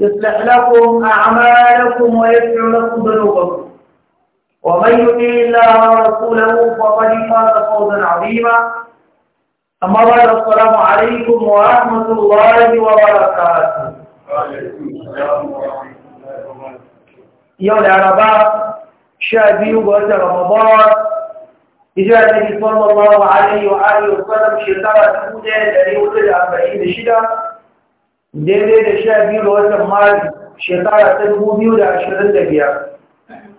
يصلح لكم أعمالكم ويغفر لكم ذنوبكم ومن يطع الله ورسوله فقد فاز فوزا عظيما أما بعد السلام عليكم ورحمة الله وبركاته يوم العرباء شابي وقت رمضان إجازة النبي صلى الله عليه وآله وسلم شكرا تقول لأنه كده أربعين شدة daidai da sha biyu ga watan mari shekara ta dubu biyu da ashirin da biyar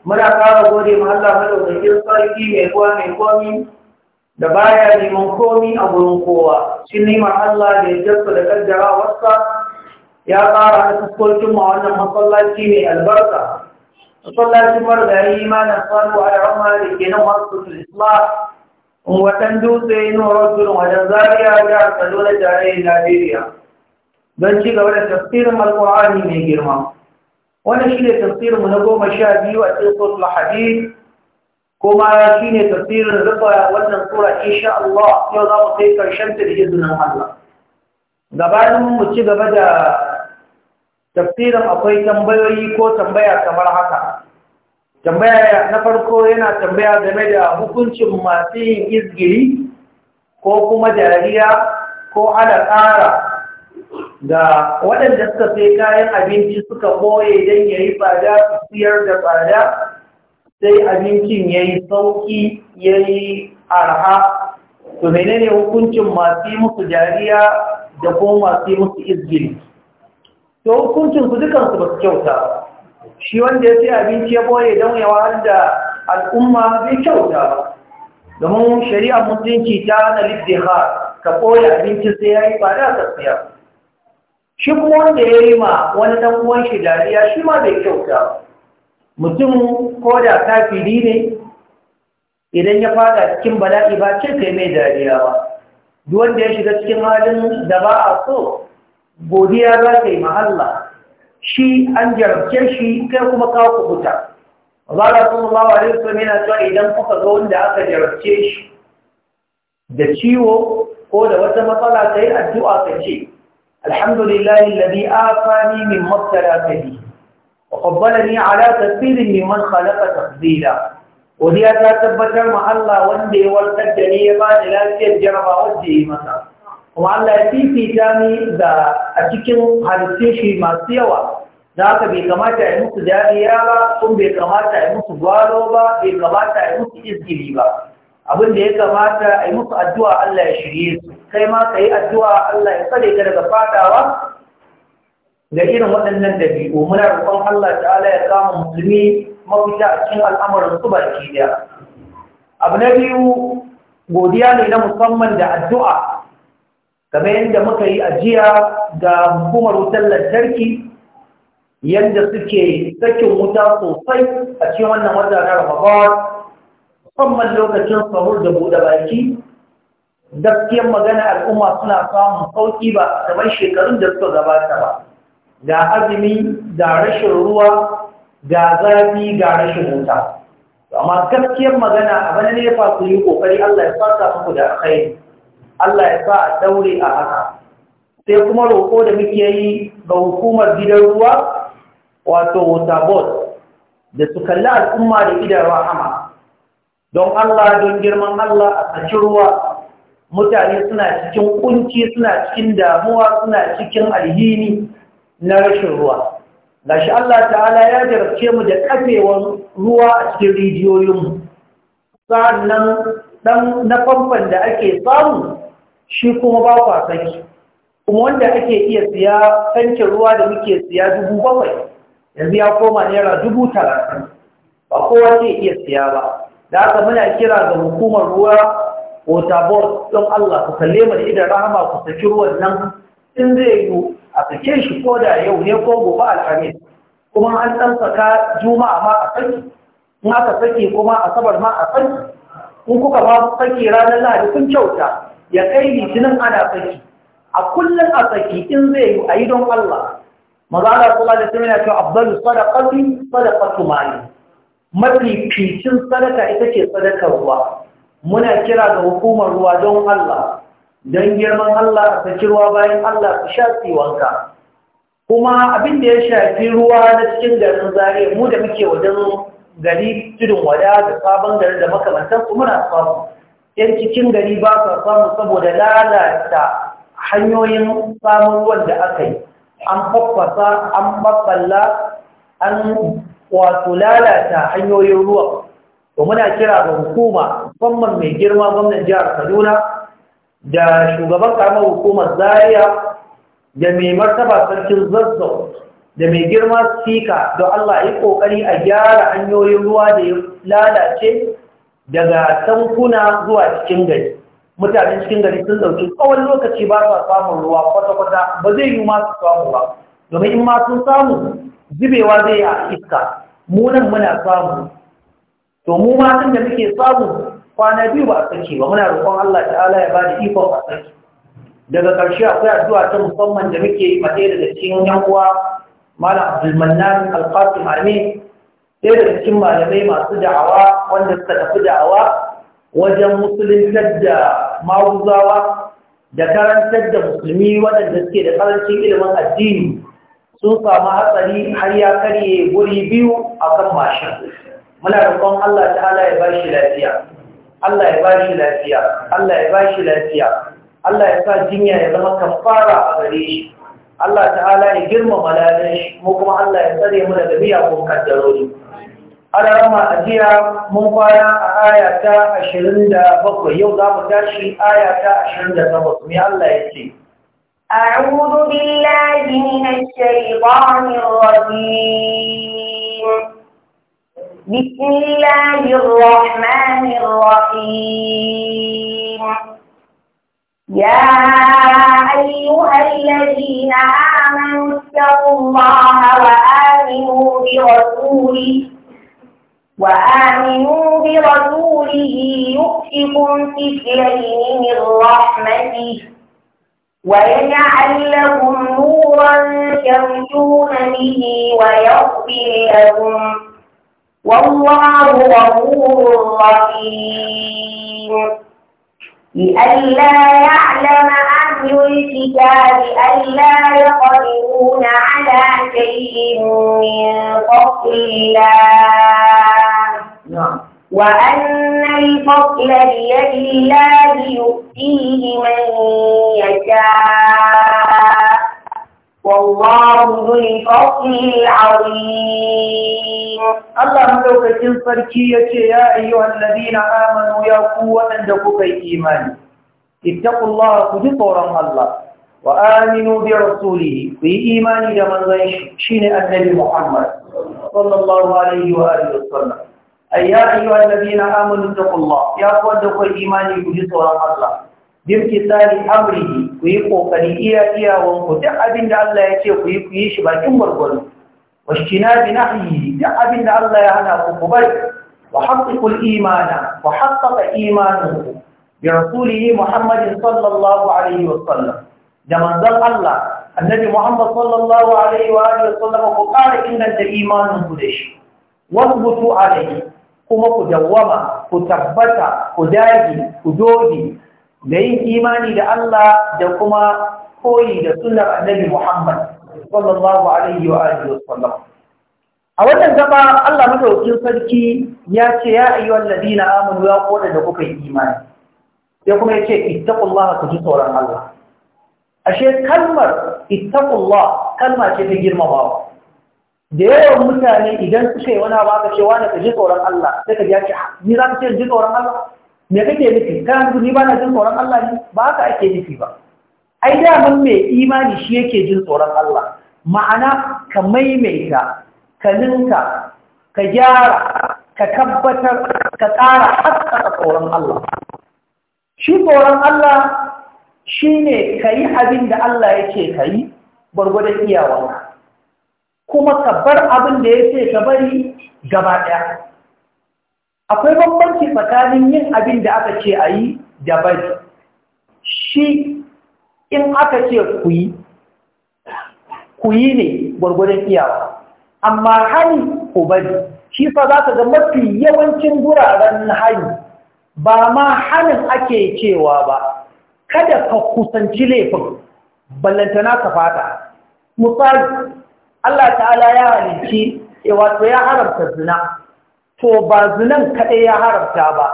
muna kara gode ma Allah madaukakin sarki mai mai komi da baya neman komi a gurin kowa shi neman Allah da ya jasa da kaddara wasa ya kara ta fuskokin ma wannan masallaci mai albarka masallacin margari imanin sanu a rama da ke nan wasu islam watan dutse yin horon wajen zariya da kaduna tarayyar najeriya don ci gaba da tafsirin alƙur'ani mai girma wannan shi ne tafsirinmu na goma sha biyu a ko ma kuma shi ne tafsirin rufa wannan sura insha Allah yau za mu kai karshen ta da izinin Allah gabanin mu ci gaba da tafsirin akwai tambayoyi ko tambaya kamar haka tambaya na farko yana tambaya game da hukuncin masu yin izgiri ko kuma dariya ko ala ƙara Da waɗanda suka sai kayan abinci suka ɓoye don ya yi tsada su siyar da tsada sai abincin ya yi sauƙi ya yi arha to menene hukuncin masu yi musu jariya da kuma masu yi musu izgiri to hukuncin su dukansu ba su kyauta shi wanda ya sai abinci ya ɓoye don yawa da al'umma bai kyauta ba domin shari'ar musulunci ta na liddiha ka ɓoye abinci sai ya yi tsada ka siya shi kuma wanda ya yi ma wani ɗan uwan shi dariya shi ma bai kyauta mutum ko da kafiri ne idan ya fada cikin bala'i ba ce kai mai dariya ba duk wanda ya shiga cikin halin da ba a so godiya za ta yi mahalla shi an jarabce shi kai kuma kawo kubuta Allah sallallahu alaihi wasallam yana cewa idan kuka ga wanda aka jarabce shi da ciwo ko da wata matsala yi addu'a ka ce الحمد لله الذي آفاني من مبتلى به وقبلني على تسبيل ممن خلق تقديرا وديا تتبتر مع الله وندي والتجني يبان لا تجرب وجهي مسا وما الله يتيفي تامي ذا أتكن حدثيشي ما سيوا ذاك بي كماتا يمس جاريا با ثم بي كماتا يمس دوالو با بي كماتا يمس إزجلي با abin da ya kamata a yi musu addu'a Allah ya shirye su kai ma ka yi addu'a Allah ya tsare ka daga fadawa da irin waɗannan dabi'u muna rufon Allah ta'ala ya kama musulmi mafita a cikin al'amarin su baki da. abu na biyu godiya ne na musamman da addu'a kamar yadda muka yi ajiya ga hukumar wutar lantarki yadda suke sakin wuta sosai a cikin wannan wata na ramadan musamman lokacin sahur da buɗe baki gaskiyar magana al'umma suna samun sauƙi ba kamar shekarun da suka gabata ba ga azumi ga rashin ruwa ga zafi ga rashin wuta amma gaskiyar magana abin ne ya su yi ƙoƙari Allah ya fasa muku da kai Allah ya sa a daure a haka sai kuma roƙo da muke yi ga hukumar gidan ruwa wato water board da su kalli al'umma da gidan rahama don Allah don girman Allah a saki ruwa mutane suna cikin kunci suna cikin damuwa suna cikin alhini na rashin ruwa shi Allah ta'ala ya jarabce mu da kafewan ruwa a cikin rijiyoyinmu sa'annan dan na famfan da ake samu shi kuma ba kwa saki kuma wanda ake iya siya tankin ruwa da muke siya dubu bakwai yanzu ya koma naira dubu talatin ba kowa ke iya siya ba da aka muna kira ga hukumar ruwa waterboard don Allah ku kalle mu da idan rahama ku saki ruwan nan in zai yi a sake shi ko da yau ne ko gobe alhamis kuma an ɗan saka juma'a ma a saki in aka saki kuma asabar ma a saki in kuka ba saki ranar lahadi kun kyauta ya kai litinin ana saki a kullum a saki in zai yi a yi don Allah mazala sallallahu alaihi wasallam ya ce afdalu sadaqati sadaqatu mafificin sadaka ita ce sadakar ruwa muna kira ga hukumar ruwa don Allah don girman Allah a saki ruwa bayan Allah su sha tsiwanka kuma abin da ya shafi ruwa na cikin garin zare mu da muke wajen gari tudun wada da sabon garin da su muna samu yan cikin gari ba sa samu saboda lalata hanyoyin samun ruwan da aka yi an faffasa an baballa an wato lalata hanyoyin ruwa to muna kira ga hukuma musamman mai girma gwamnan jihar kaduna da shugaban karamar hukumar zaria da mai martaba sarkin zazzau da mai girma sika don allah yi kokari a gyara hanyoyin ruwa da ya lalace daga tankuna zuwa cikin gari mutanen cikin gari sun dauki tsawon lokaci ba sa samun ruwa kwata-kwata ba zai yi ma su samu ba domin in ma sun samu zubewa zai yi a iska mu nan muna samu to mu tun da muke samu kwana biyu ba a sarki ba muna roƙon Allah ta'ala ya bada ikon a sarki daga ƙarshe akwai addu'a ta musamman da muke yi matsayi daga cikin yan uwa malam abdulmannan alqasim armi sai daga cikin malamai masu da'awa wanda suka tafi da'awa wajen musuluntar da maguzawa da karantar da musulmi waɗanda suke da karancin ilimin addini sun samu hatsari har ya karye guri biyu a kan mashin muna roƙon Allah ta'ala ya bashi lafiya Allah ya bashi lafiya Allah ya bashi lafiya Allah ya sa jinya ya zama kafara a gare shi Allah ta'ala ya girmama ladan shi mu kuma Allah ya tsare mu daga miyagun kaddarori alarama a jiya mun kwana a aya ta 27 yau za mu tashi aya ta 28 me Allah ya ce أعوذ بالله من الشيطان الرجيم بسم الله الرحمن الرحيم يا أيها الذين آمنوا اتقوا الله وآمنوا برسوله وآمنوا برسوله يؤتكم كفلين من رحمته ويجعل لهم نورا يمشون به ويغفر لهم والله غفور رحيم لئلا يعلم أهل الكتاب ألا يقدرون على شيء من فضل الله نعم. وأن الفضل بيد الله يؤتيه من يشاء والله ذو الفضل العظيم الله ملوكتين فركية يا أيها الذين آمنوا يا قوة دكوك إيمان اتقوا الله كجطورا الله وآمنوا برسوله في إيمان لمن شين النبي محمد صلى الله عليه وآله وسلم ayya ayyuha alladhina amanu taqullah ya kwanda ku imani ku ji tsoron Allah bin kisali amrihi ku kokari iya iya won ku abin da Allah ya ce ku yi shi bakin gurgurun washkina bi nahyi duk abin Allah ya hana ku ku bai wa haqqiqul imana wa haqqaqa imanuhu bi rasulihi muhammadin sallallahu alaihi wa sallam da manzon Allah annabi muhammad sallallahu alaihi wa sallam ku kare inda imanin ku da shi wasbutu alaihi kuma ku dawwama ku tabbata ku dage ku doge da yin imani da Allah da kuma koyi da sunnar annabi Muhammad sallallahu alaihi wa alihi wasallam a wannan gaba Allah madaukakin sarki ya ce ya ayyuhal ladina amanu ya koda da kuka yi imani sai kuma ya ce ittaqullaha ku ji tsoron Allah ashe kalmar ittaqullah kalma ce ta girmamawa da yawan mutane idan suka yi wani abu aka ce wani ka ji tsoron Allah sai ka ji ake ah, ni za ka ce ji tsoron Allah me kake nufi kana ni ba na jin tsoron Allah ne ba haka ake nufi ba ai mun mai imani shi yake jin tsoron Allah ma'ana ka maimaita ka ninka ka gyara ka tabbatar ka ƙara haskaka tsoron Allah shi tsoron Allah shine ne kayi abin da Allah yake kai yi gwargwadon iyawanka kuma ka bar abin da ya ce ka bari gaba ɗaya akwai bambanci tsakanin yin abin da aka ce a yi da bari shi in aka ce ku yi ku yi ne gwargwadon iyawa amma hali ku bari shi fa za ka ga mafi yawancin guraren hali. ba ma hanin ake cewa ba kada ka kusanci laifin ballantana ka fata misali Allah ta'ala ya halicci e wato ya haramta zina to ba zinan kaɗai ya haramta ba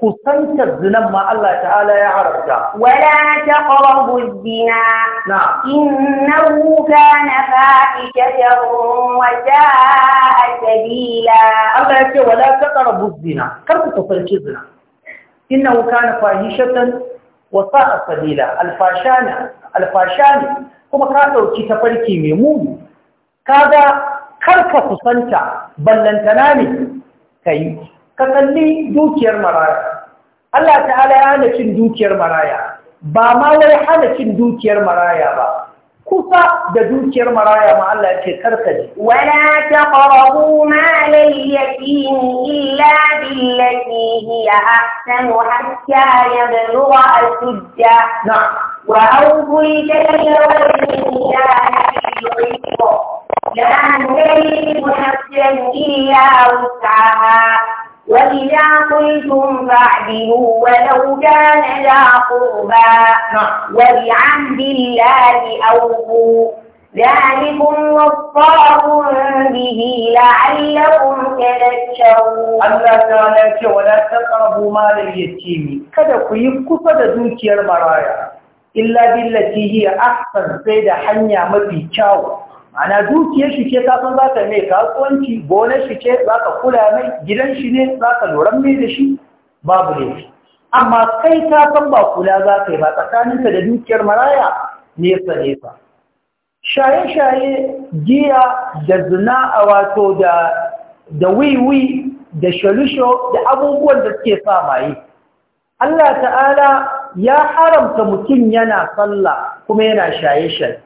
kusantar zinan ma Allah ta'ala ya haramta wala taqrabu zina innahu kana fahishatan wa jaa'a sabila Allah ya ce wala taqrabu zina kar ku kusanci zina innahu kana fahishatan wa sa'a sabila alfashana alfashani kuma ka ɗauki tafarki mai muni kaga karka kusanta ballantana ne ka yi ka kalli dukiyar maraya Allah ta'ala ya hana cin dukiyar maraya ba ma wai hana cin dukiyar maraya ba kusa da dukiyar maraya ma Allah ce karka ji wala taqrabu ma layyatin illa billati hiya ahsanu hatta yablugha al na wa awfu al-kayla wal لا نكلف نفسا إلا وسعها وإذا قلتم فاعدلوا ولو كان ذا قربى وبعهد الله أوفوا ذلكم وصاكم به لعلكم تذكرون Allah ta ya ce wala taqrabu malal yatimi kada ku yi kusa da dukiyar maraya illa billati hiya ahsan sai da hanya mafi kyau ana dukiyar shi ce ka za ka mai kasuwanci gonar shi ce za ka kula mai gidan shi ne za ka loran mai da shi babu ne amma kai ka san ba kula za ka yi ba tsakaninka da dukiyar maraya nesa nesa shaye-shaye giya da zina a wato da wiwi da shalusho da abubuwan da suke sa maye Allah ta'ala ya haramta mutum yana sallah kuma yana shaye-shaye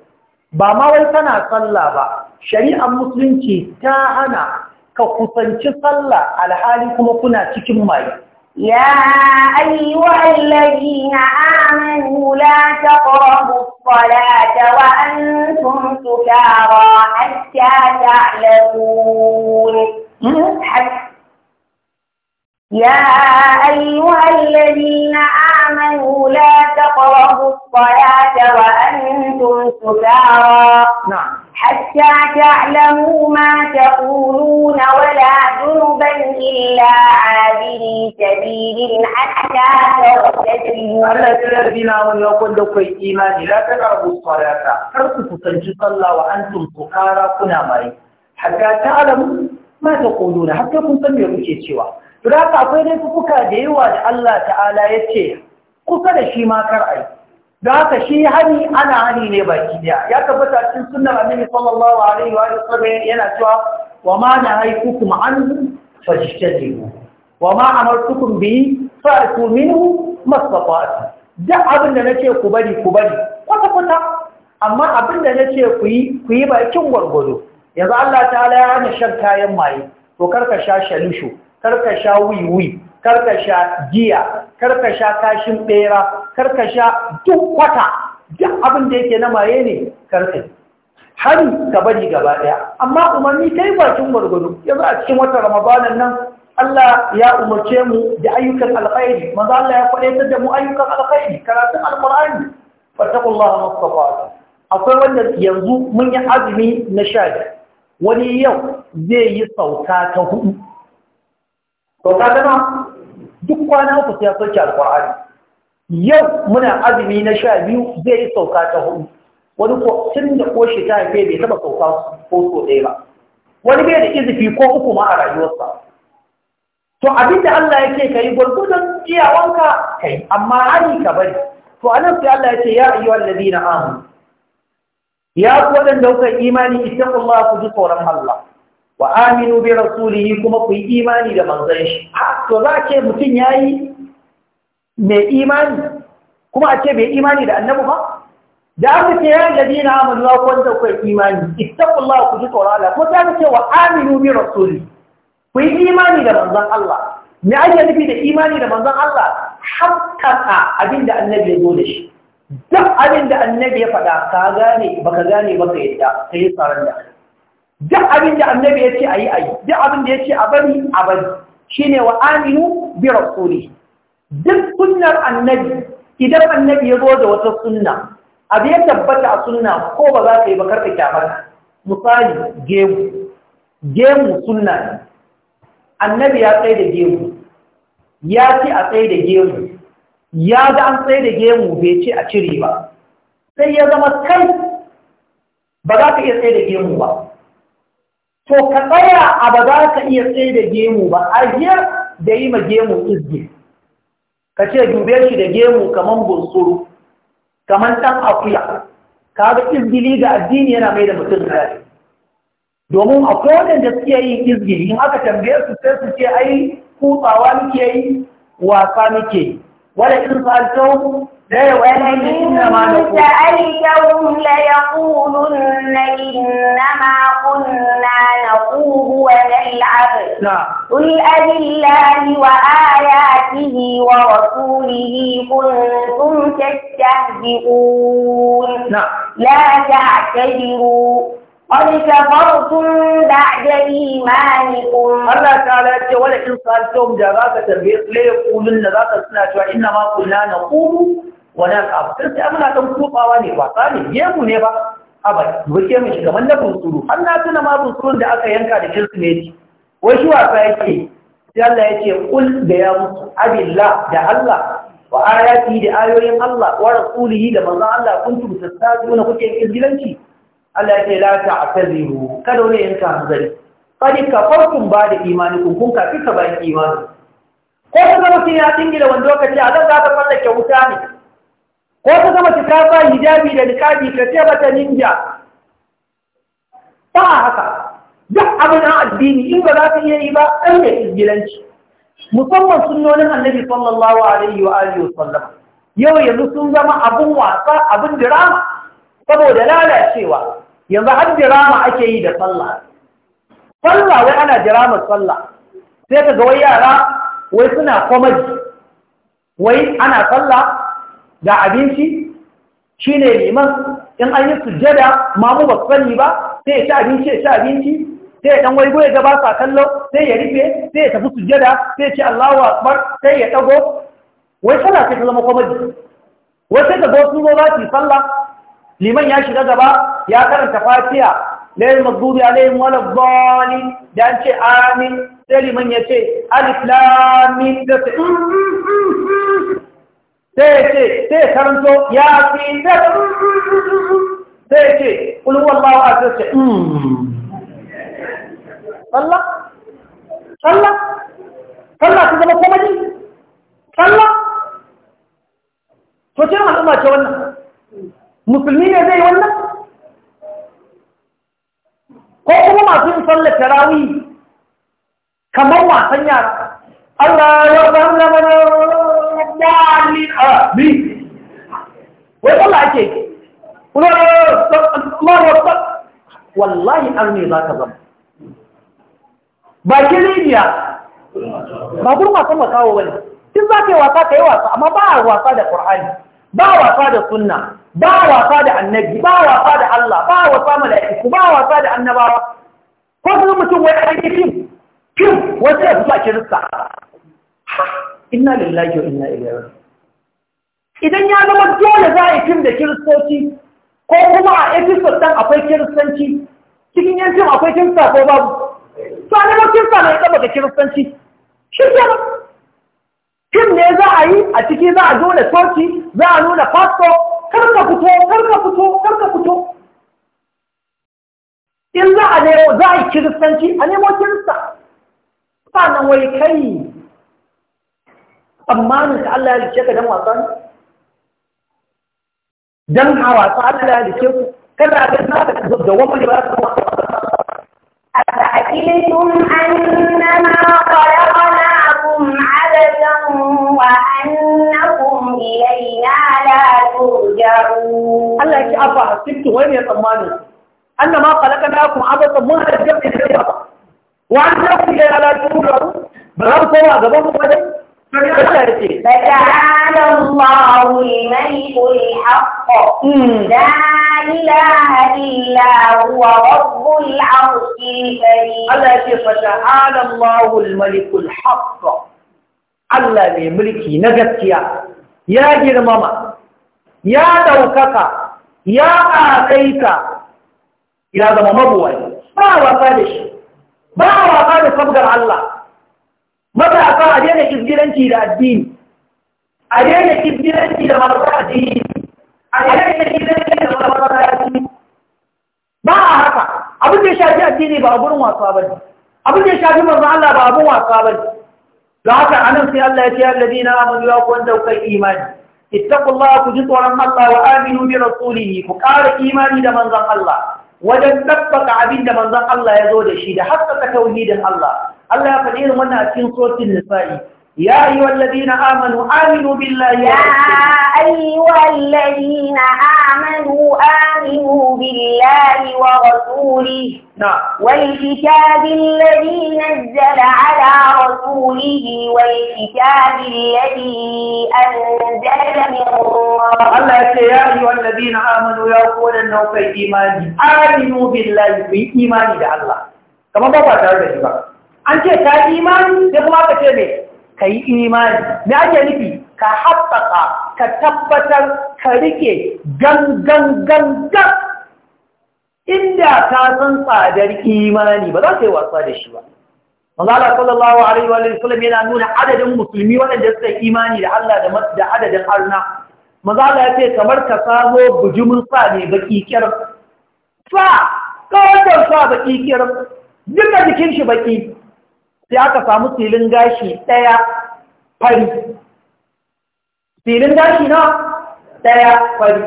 ba ma wai kana sallah ba shari'ar musulunci ta hana ka kusanci sallah alhali kuma kuna cikin maye يا أيها الذين آمنوا لا تقربوا الصلاة وأنتم سكارى حتى تعلمون حتى يا أيها الذين آمنوا لا تقربوا الصلاة وأنتم سكارى نعم حتى تعلموا ما تقولون ولا جنبا إلا عابري سبيل حتى تغتسلوا الذين آمنوا يقول لك الإيمان لا تقربوا الصلاة تركوا تنجصلى وأنتم سكارى كنا مريض حتى تعلموا ما تقولون حتى كنتم يقولون to da haka akwai laifuka da yawa da Allah ta'ala ya ce kusa da shi ma kar ai da haka shi hani ana hani ne baki daya ya tabbata cikin sunnar annabi sallallahu alaihi wa sallam yana cewa wa ma nahaytukum anhu fajtanibu wa ma amartukum bi fa'tu minhu mastata'tum duk abin da nace ku bari ku bari kwata kwata amma abin da nace ku yi ku yi bakin gwargwado yanzu Allah ta'ala ya hana shan kayan maye to karka sha shalushu karka sha wiwi karka sha giya karka sha kashin bera karka sha duk wata duk abin da yake na maye ne karka har ka bari gaba daya amma umarni kai bakin gwargwado yanzu a cikin watan ramadanan nan Allah ya umarce mu da ayyukan alkhairi maza Allah ya kwadatar da mu ayyukan alkhairi karatun alqur'ani fattaqullaha mastafa'tum akwai wanda yanzu mun yi azumi na sha wani yau zai yi sauka ta hudu to ka gana duk kwana uku sai ya sauke alƙur'ani yau muna azumi na sha biyu zai yi sauka ta hudu wani ko tun da koshi ta haife bai taɓa sauka ko so ɗaya ba wani bai da izifi ko uku ma a rayuwarsa to abin da Allah yake kai iya iyawanka kai amma hari ka bari to nan sai Allah ce ya ayyuhal ladina amanu ya ku wadanda kuka imani ittaqullaha ku ji tsoron Allah wa aminu bi rasulihi kuma ku yi imani da manzon shi to za a ce mutum yayi mai imani kuma a ce mai imani da annabi ba da aka ce ya gaji na amanu ya kwanta kai imani ittaqullahu ku ji tsoron Allah ko za ka ce wa aminu bi rasuli ku yi imani da manzon Allah me ake nufi da imani da manzon Allah hakkaka abinda annabi ya zo da shi duk abinda annabi ya faɗa ka gane baka gane baka yadda sai tsaron da duk abin da annabi ya ce a yi a yi duk abin da ya ce a bari a bari shi ne wa aminu bi rasuli duk sunnar annabi idan annabi ya zo da wata sunna abu ya tabbata a sunna ko ba za ka yi ba karka kyamar misali gemu gemu sunna ne annabi ya tsaye da gemu ya ce a tsaye da gemu ya ga an tsaye da gemu bai ce a cire ba sai ya zama kai ba za ka iya tsaye da gemu ba to ka tsaya a ba za ka iya tsaye da gemu ba ajiyar da yi ma gemu izgi ka ce dube shi da gemu kamar bunsuru kamar ɗan akuya ka ga izgili ga addini yana mai da mutum zai domin a kodin waɗanda suke yi izgili in aka tambaye su sai su ce ai kutsawa muke yi wasa muke yi wala in sa'altau ولئن سألتهم ليقولن إنما كنا نخوض ونلعب نعم. قل أبالله وآياته ورسوله كنتم تستهزئون نعم. لا تعتذروا قد كفرتم بعد إيمانكم الله تعالى ولئن سألتهم جاء ذاك ليقولن ذاك سنة وإنما كنا نخوض wani abu sun sai amina dan kofawa ne wasa ne gemu ne ba aba duke mu shi kamar na bunsuru an na tuna ma bunsurun da aka yanka da kirsimeti wai shi wasa yake sai Allah ya ce kul da ya mutu abillah da Allah wa ayati da ayoyin Allah wa rasulihi da manzon Allah kun kuntum tastajuna kuke izgilanci Allah ya ce la ta'taziru kada wani yanka hanzari kadi kafartum ba da imanikun kun kafi ka ba imani ko kuma mutum ya tingila wanda lokaci a zan za ka fallake wuta ne ko ta zama ta kafa hijabi da niqabi ka ce mata ninja ba haka duk abin an addini in ba za ka iya yi ba an da izgilanci musamman sunnonin annabi sallallahu alaihi wa alihi wasallam yau yanzu sun zama abin wasa abin dirama saboda lalacewa yanzu har dirama ake yi da sallah sallah wai ana dirama sallah sai ka ga wai yara wai suna kwamaji wai ana sallah Da abinci shi ne liman in an yi sujjada mamu ba sani ba sai ya ci abinci ya ci abinci sai ya ɗan waigo ya gaba sa kallo sai ya rife sai ya tafi sujjada sai ya ci Allahu akbar sai ya ɗago wai sallah sai ta zama kwamaji wai sai ka zo sun zo za su yi sallah liman ya shiga gaba ya karanta fatiha lail maghdubi lai wala Zoni, da an ce amin sai liman ya ce alif lam mim da sai sai ya ce sai ya karanto ya fi da sai ya ce ƙulwar bawa a sai ce tsalla hmm. tsalla tsalla ta zama komadi tsalla to ce al'umma ce wannan musulmi ne zai wannan ko kuma masu yin tsallar tarawi kamar wasan yara Allah ya zama ضالين آمين wai Allah ake ke kuma wallahi arni za ka zama ba kiriniya ba gurma kan makawo wani in za ka yi wasa ka yi wasa amma ba a wasa da ƙur'ani ba wasa da sunna ba wasa da annabi ba wasa da Allah ba wasa mala'iku ba wasa da annabawa ko kuma mutum wai a cikin kim wasu ya fi zuwa kirista inna lillahi wa inna ilaihi raji'un idan ya zama dole za a yi fim da kiristoci ko kuma a episode ɗan akwai kiristanci cikin yan fim akwai kirista ko babu to a neman kirista mai tsaba da kiristanci shi ba. fim ne za a yi a ciki za a nuna coci za a nuna fasto karka fito karka fito karka fito in za a nemo za a yi kiristanci a nemo kirista sannan wai kai tsammanin ka Allah ya halice ka dan wasa ne dan a wasa Allah ya halice ku kada ga na ka da wani ba ka أفأحسبتم أنما خلقناكم عبثا وأنكم إلينا لا ترجعون الله يكي أفأحسبتم وين يا يطماني أنما خلقناكم عبثا ما هذا الجمع وأنكم إلينا لا ترجعون بغير صورة قبل مبادئ فتعالى الله الملك الحق لا إله إلا هو رب العرش الكريم الله فتعالى الله الملك الحق الله ملكي نجتيا يا جرمما يا دوكك يا آتيك إلى ذا مبوي ما وقالش ما وقال صبر الله متى أقال أدينك إذن izgilanci da addini a daina da masu addini a daina izgilanci da masu addini ba a haka abin da ya shafi addini ba a gurin wasa ba abin da ya shafi manzon Allah ba abin wasa da haka anan sai Allah ya ce alladina amanu ya ku wanda kuka imani ittaqullaha ku ji tsoron Allah wa aminu bi rasulihi ku ƙara imani da manzon Allah wajen tabbata abin da manzon Allah ya zo da shi da haskaka tauhidin Allah Allah ya faɗi irin wannan a cikin sotin nisa'i يا أيها الذين آمنوا آمنوا بالله يا أيها الذين آمنوا آمنوا بالله ورسوله نعم والكتاب الذي نزل على رسوله والكتاب الذي أنزل من الله يا أيها الذين آمنوا يا أقول أنه في إيمان آمنوا بالله في إيمان الله كما بابا تعالى أنت كإيمان يقوم بك ka yi imani me ake nufi ka haɓaka ka tabbatar ka rike gangan gangan inda ta san tsadar imani ba za ka yi wasa da shi ba Allah sallallahu alaihi wa sallam yana nuna adadin musulmi waɗanda suka imani da Allah da adadin arna maza ya ce kamar ka samo bujumin sa ne baki kyar sa kawatar sa baki kyar duka jikin shi baki sai aka samu tilin gashi ɗaya fari tilin gashi na ɗaya fari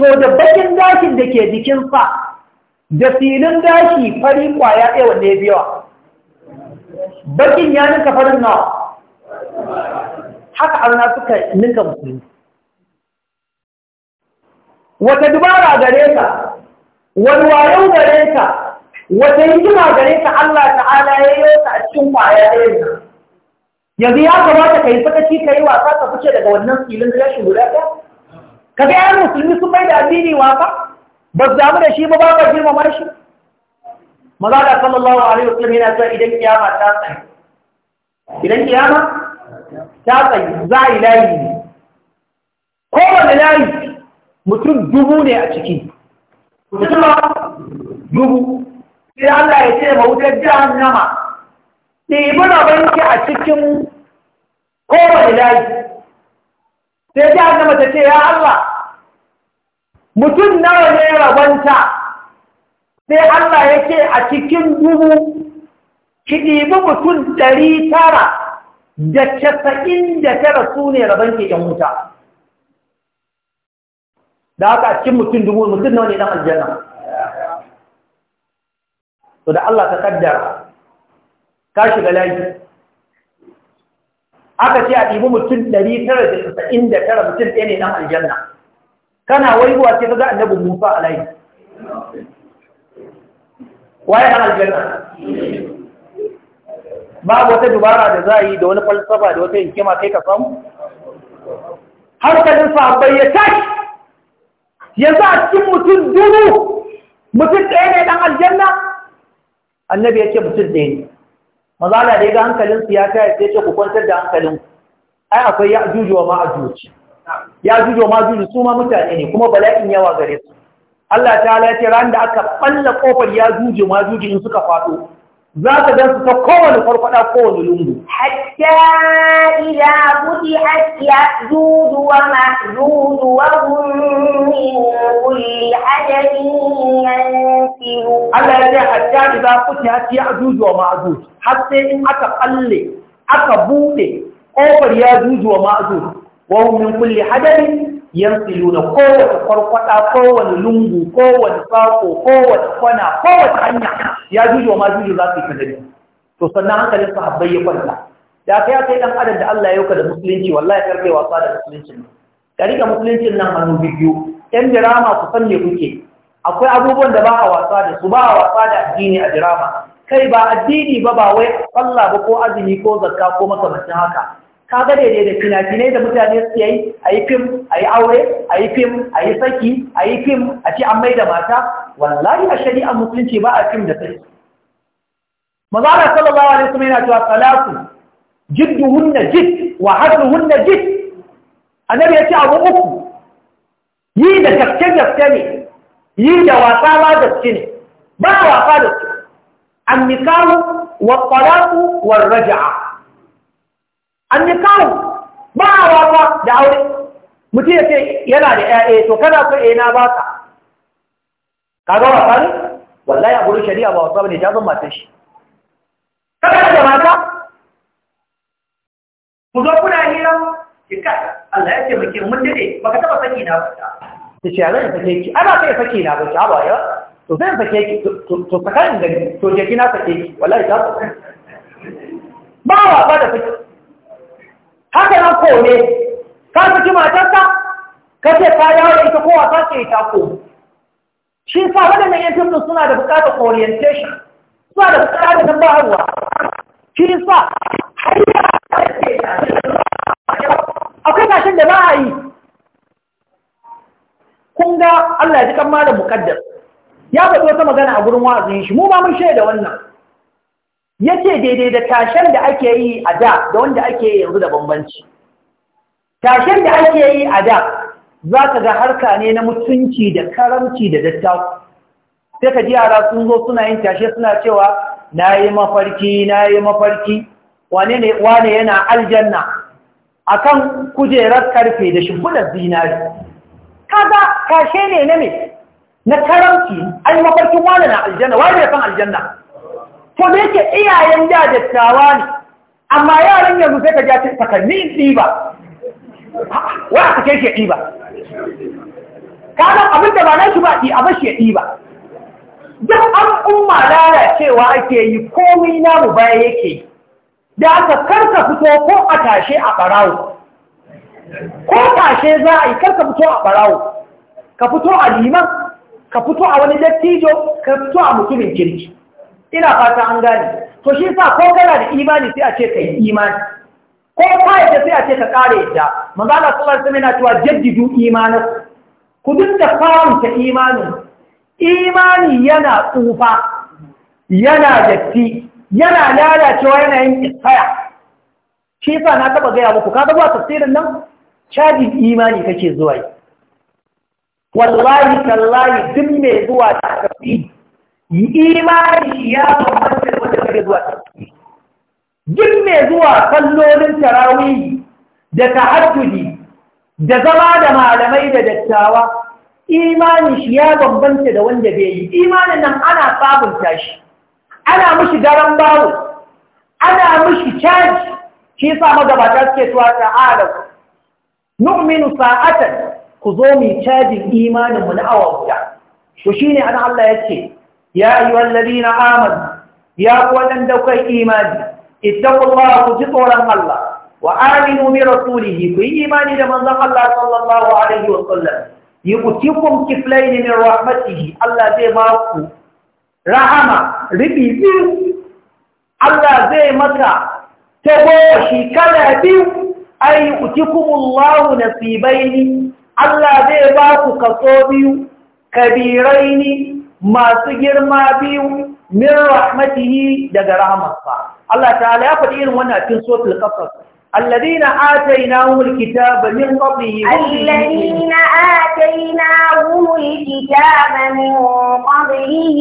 to da bakin gashin da ke jikin fa da tilin gashi fari kwaya ɗaya wanda ya biyawa bakin ya ninka farin nawa haka an suka ninka musulmi wata dubara gare ka wani wayo gare ka wata hikima gare ka Allah ta'ala ya yi wata a cikin kwaya ɗaya ne yanzu ya kamata ka yi sakaci ka yi wasa ka fice daga wannan filin shi guda ɗaya ka ga yan musulmi sun bai da addini wasa ba su damu da shi ba ba ka ma shi maza da sallallahu alaihi wasallam yana zuwa idan kiyama ta tsaye idan kiyama ta tsaye za a yi layi ne kowane layi mutum dubu ne a ciki dubu sai Allah ya ce ma wutar jahannama ɗibi rabanki a cikin kowane daji sai jahannama ta ce ya Allah mutum nawa ne rabonta? sai Allah ya ce a cikin dubu ki ɗibi mutum ɗari tara da casa'in da tara su ne rabanki ƴan wuta da haka cikin mutum dubu mutum nawa ne ɗan aljanna to da Allah ta kaddara ka shiga layi aka ce a ɗibi mutum 999 mutum ɗaya ne ɗan aljanna kana waiwa ce ga annabi Musa a laifi waye ɗan aljanna babu wata dubara da za a yi da wani falsafa da wata yankima kai ka samu hankalin bai ya tashi yanzu a cikin mutum dubu mutum ɗaya ne ɗan aljanna annabi yake ce mutum ɗaya ne maza da daga ga su ya kai sai ce ku kwantar da hankalin. ai akwai ya juju wa ma'ajuci ya juju ma ma'ajuci su ma mutane ne kuma bala'in yawa gare su Allah ta halaye ran da aka ɓalla kofar ya juju ma in suka faɗo za ka gan su ta kowane farfada kowane lungu. Hatta ila buɗi hasiya zuzu wa mahzuzu wa min kulli adadin yansiru. Allah ya ce hatta ila buɗi hasiya zuzu wa mahzuzu. Har sai in aka kalle aka buɗe ƙofar ya zuzu wa mahzuzu wa min kulli adadin da kowace kwarkwaɗa, kowane lungu kowane sako kowace kwana kowace hanya ya jujo ma jujo za su yi kadari to sannan hankalin habbai ya kwanta da aka ya yi dan adam da Allah ya yauka da musulunci wallahi karfe wasa da musulunci ne ka rika musuluncin nan hannu biyu yan dirama ku san me kuke akwai abubuwan da ba a wasa da su ba a wasa da addini a dirama kai ba addini ba ba wai sallah ba ko azumi ko zakka ko makamancin haka ka ga daidai da fina-finai da mutane su yi a yi fim a yi aure a yi fim a yi saki a yi fim a ce an mai da mata wallahi a shari'ar musulunci ba a fim da saki mazara sallallahu alaihi wasallam yana cewa salatu jidduhunna jid wa hadruhunna jid annabi ya ce abu uku yi da gaske gaske ne yi da wasa ba gaske ne ba wasa da su an nikahu wa talaqu wa raja'a an yi kawo ba a wafa da aure mutum ya ce yana da ya'ya eh, to kana so ina eh, ba ka ka ga wasa ne wallahi a gurin shari'a ba wasu ba ne ta zama matan shi kada da mata ku zo kuna hira ki ka Allah ya ce muke mun dade baka taba saki na ba ta ce zan sake ki ana sai saki na ba ta ba ya to zan sake ki to saka in gani to je kina sake ki wallahi ta ba ba ba da sake haka nan kome ka saki matarsa ka ce ka dawo da ita kowa ta ce ta ko shi sa waɗannan yan fim suna da buƙatar orientation suna da buƙatar baharwa shi sa har yi akwai kashin da ba a yi kun ga Allah ya ji kan malam muqaddas ya faɗi wata magana a gurin wa'azin shi mu ba mun shaida wannan Ya ce daidai da tashen da ake yi a da da wanda ake yi yanzu da bambanci tashen da ake yi a da za ka ga harka ne na mutunci da karamci da dattaku sai ka ji yara sun zo suna yin tashe suna cewa na yi mafarki na yi mafarki wane ne wane yana aljanna a kan kujerar karfe da shimfidar zinari kaga tashe ne na me na karamci ai mafarkin wane na aljanna wane ya san aljanna ko da yake iyayen da dattawa ne amma yaran yanzu sai ka ja ta takanni ɗiba wa a kake shi ɗiba kaga abin da ba na shi ba di a bashi diba duk an umma lalacewa ake yi komai mu baya yake yi da aka karka fito ko a tashe a ɓarawo ko tashe za a yi karka fito a barawo ka fito a liman ka fito a wani dattijo ka fito a mutumin kirki ina fata an gane to shi sa ko kana da imani sai a ce ka yi imani ko ka ta sai a ce ka ƙare yadda magana Allah sallallahu alaihi wasallam cewa jaddidu imanin ku da faranta ta imani imani yana tsufa yana datti yana lalacewa yana yin isfaya shi sa na taba gaya muku ka zuwa tafsirin nan cajin imani kake zuwa yi wallahi tallahi duk mai zuwa tafsiri imani ya bambanta da wanda zuwa duk mai zuwa kallonin tarawih da tahajjudi da zama da malamai da dattawa imani shi ya bambanta da wanda bai yi imanin nan ana sabunta shi ana mishi garan bawo ana mishi caji shi yasa magabata suke cewa ta'ala nu'minu sa'atan ku zo mu cajin imanin mu na awa guda to shine an Allah yace يا أيها الذين آمنوا يا أولن دوكي إيماني اتقوا الله كجطورا الله وآمنوا برسوله في إيمان لمن ذق الله صلى الله عليه وسلم يؤتكم كفلين من رحمته الله زي ماكو رحمة ربي بيو الله زي مكا تبوشي كلا بيو أي يؤتكم الله نصيبين الله زي ماكو كصوبيو كبيرين masu girma biyu min rahmatihi daga rahmatsa Allah ta'ala ya faɗi irin wannan cikin suratul qasas الذين آتيناهم الكتاب من قبله الذين آتيناهم الكتاب من قبله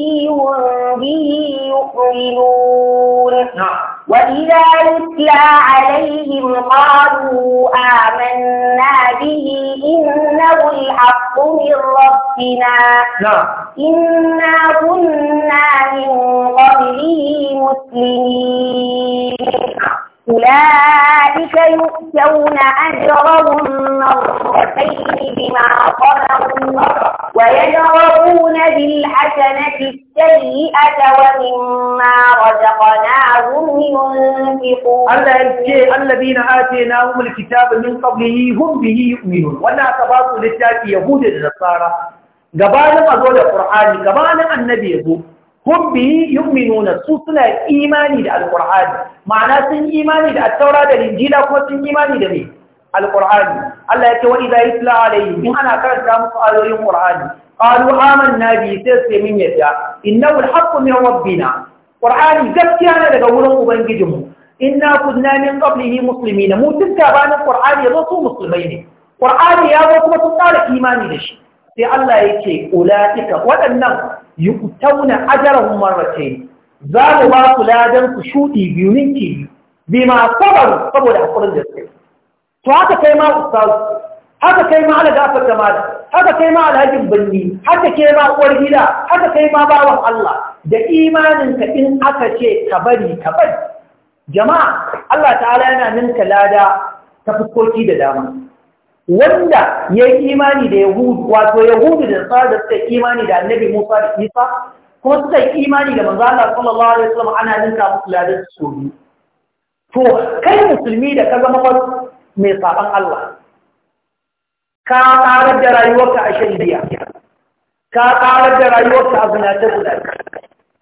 به يؤمنون نعم. وإذا يتلى عليهم قالوا آمنا به إنه الحق من ربنا نعم. إنا كنا من قبله مسلمين نعم. أولئك يؤتون أجرهم مرتين بما صبروا ويدرؤون بالحسنة السيئة ومما رزقناهم ينفقون الذين آتيناهم الكتاب من قبله هم به يؤمنون ولا تباطل للتاكي يهود النصارى gabanin a zo da ƙur'ani gabanin annabi ya zo hum bihi yu'minuna su suna imani da alqur'ani ma'ana sun imani da at-taura da injila kuma sun imani da me alqur'ani Allah yake wa idza yutla alayhi in ana karanta musu ayoyin qur'ani qalu amanna bi sai min yadda innahu al min rabbina qur'ani gaskiya ne daga wurin ubangijinmu inna kunna min qablihi muslimina mu tunta bani qur'ani yazo su musulmai ne ya yazo kuma sun fara imani da shi sai Allah yake ulaika waɗannan Yi ku yuqtawna ajrahum marratayn za mu ba ku ladan ku shudi biyu ninki bima sabaru saboda hakurin da suke to haka kai ma ustaz haka kai ma ala gafar da mali haka kai ma alhajin birni haka kai ma uwar gida haka kai ma bawan Allah da imanin ka in aka ce ka bari ka bari jama'a Allah ta'ala yana ninka lada ta fukoki da dama wanda ya yi imani da yahudu wato yahudu da tsara da suka imani da annabi musa da isa kuma suka yi imani da manzo Allah sallallahu alaihi wasallam ana ninka musu ladan su to kai musulmi da ka zama mai saban Allah ka karar da rayuwarka a shan ka karar da rayuwarka a zinace zinace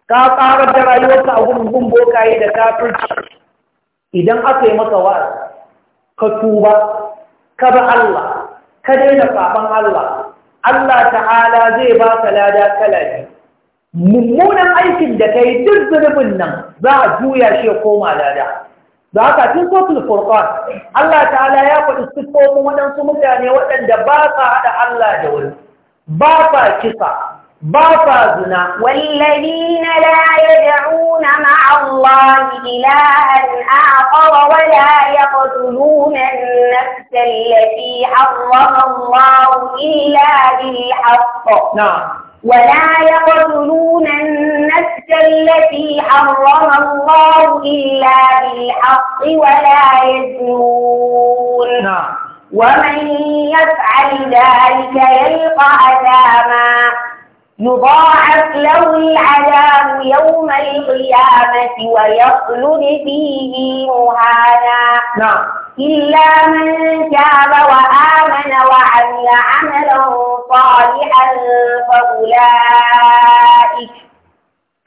ka karar da rayuwarka a gungun bokaye da kafirci idan aka yi masa wa'azi ka tuba ka ba Allah ka daina saban Allah Allah ta'ala zai ba ka lada kala mummunan aikin da yi duk zunubin nan za a juya shi koma lada da haka tun sotul Allah ta'ala ya faɗi siffofin waɗansu mutane waɗanda ba sa haɗa Allah da wani ba sa kisa باطا والذين لا يدعون مع الله إلها آخر ولا يقتلون النفس التي حرم الله إلا بالحق نعم ولا يقتلون النفس التي حرم الله إلا بالحق ولا يزنون نعم ومن يفعل ذلك يلقى أثاما يضاعف له العذاب يوم القيامة ويخلد فيه مهانا نعم إلا من تاب وآمن وعمل عملا صالحا فأولئك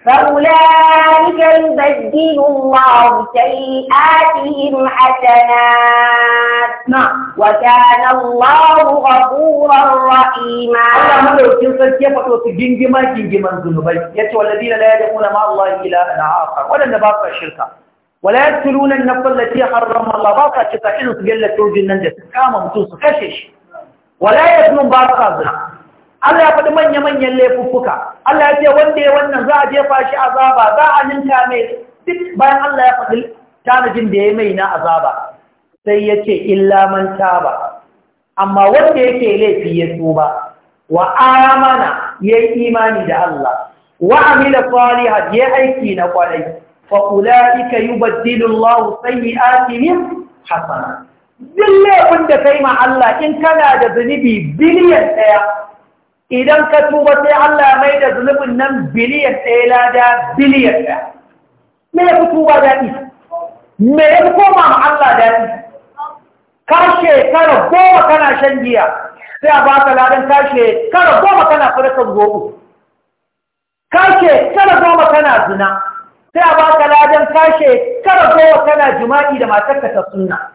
فأولئك يبدل الله سيئاتهم حسنات نعم وكان الله غفورا رحيما الله ما لو كنت كيف تقول جنجما جنجما ذنوبي يتوى الذين لا يدعون مع الله إلها آخر ولا نباطع الشركة ولا يقتلون النفس التي حرم الله باقى باطع كتاكين سجلة ترجي النجس كاما متوسط كشش ولا يتنون باقى ذنوب Allah ya faɗi manya-manyan laifuffuka Allah ya ce wanda ya wannan za a jefa shi azaba za a ninka mai duk bayan Allah ya faɗi tanajin da ya mai na azaba sai ya ce illa man taba amma wanda yake laifi ya tuba wa mana ya yi imani da Allah wa amila salihan ya aiki na kwarai yi ulaika yubaddilu sanyi sayyi'atihim hasana duk laifin da kai ma Allah in kana da zunubi biliyan ɗaya idan ka tuba sai Allah mai da zunubin nan biliyan ɗaya lada biliyan ɗaya me ya fi tuba daɗi me ya fi koma ma Allah daɗi ka shekara goma kana shan giya sai a baka ladan ka shekara goma kana farkan gobe ka shekara goma kana zina sai a baka ladan ka shekara goma kana jima'i da matarka ta sunna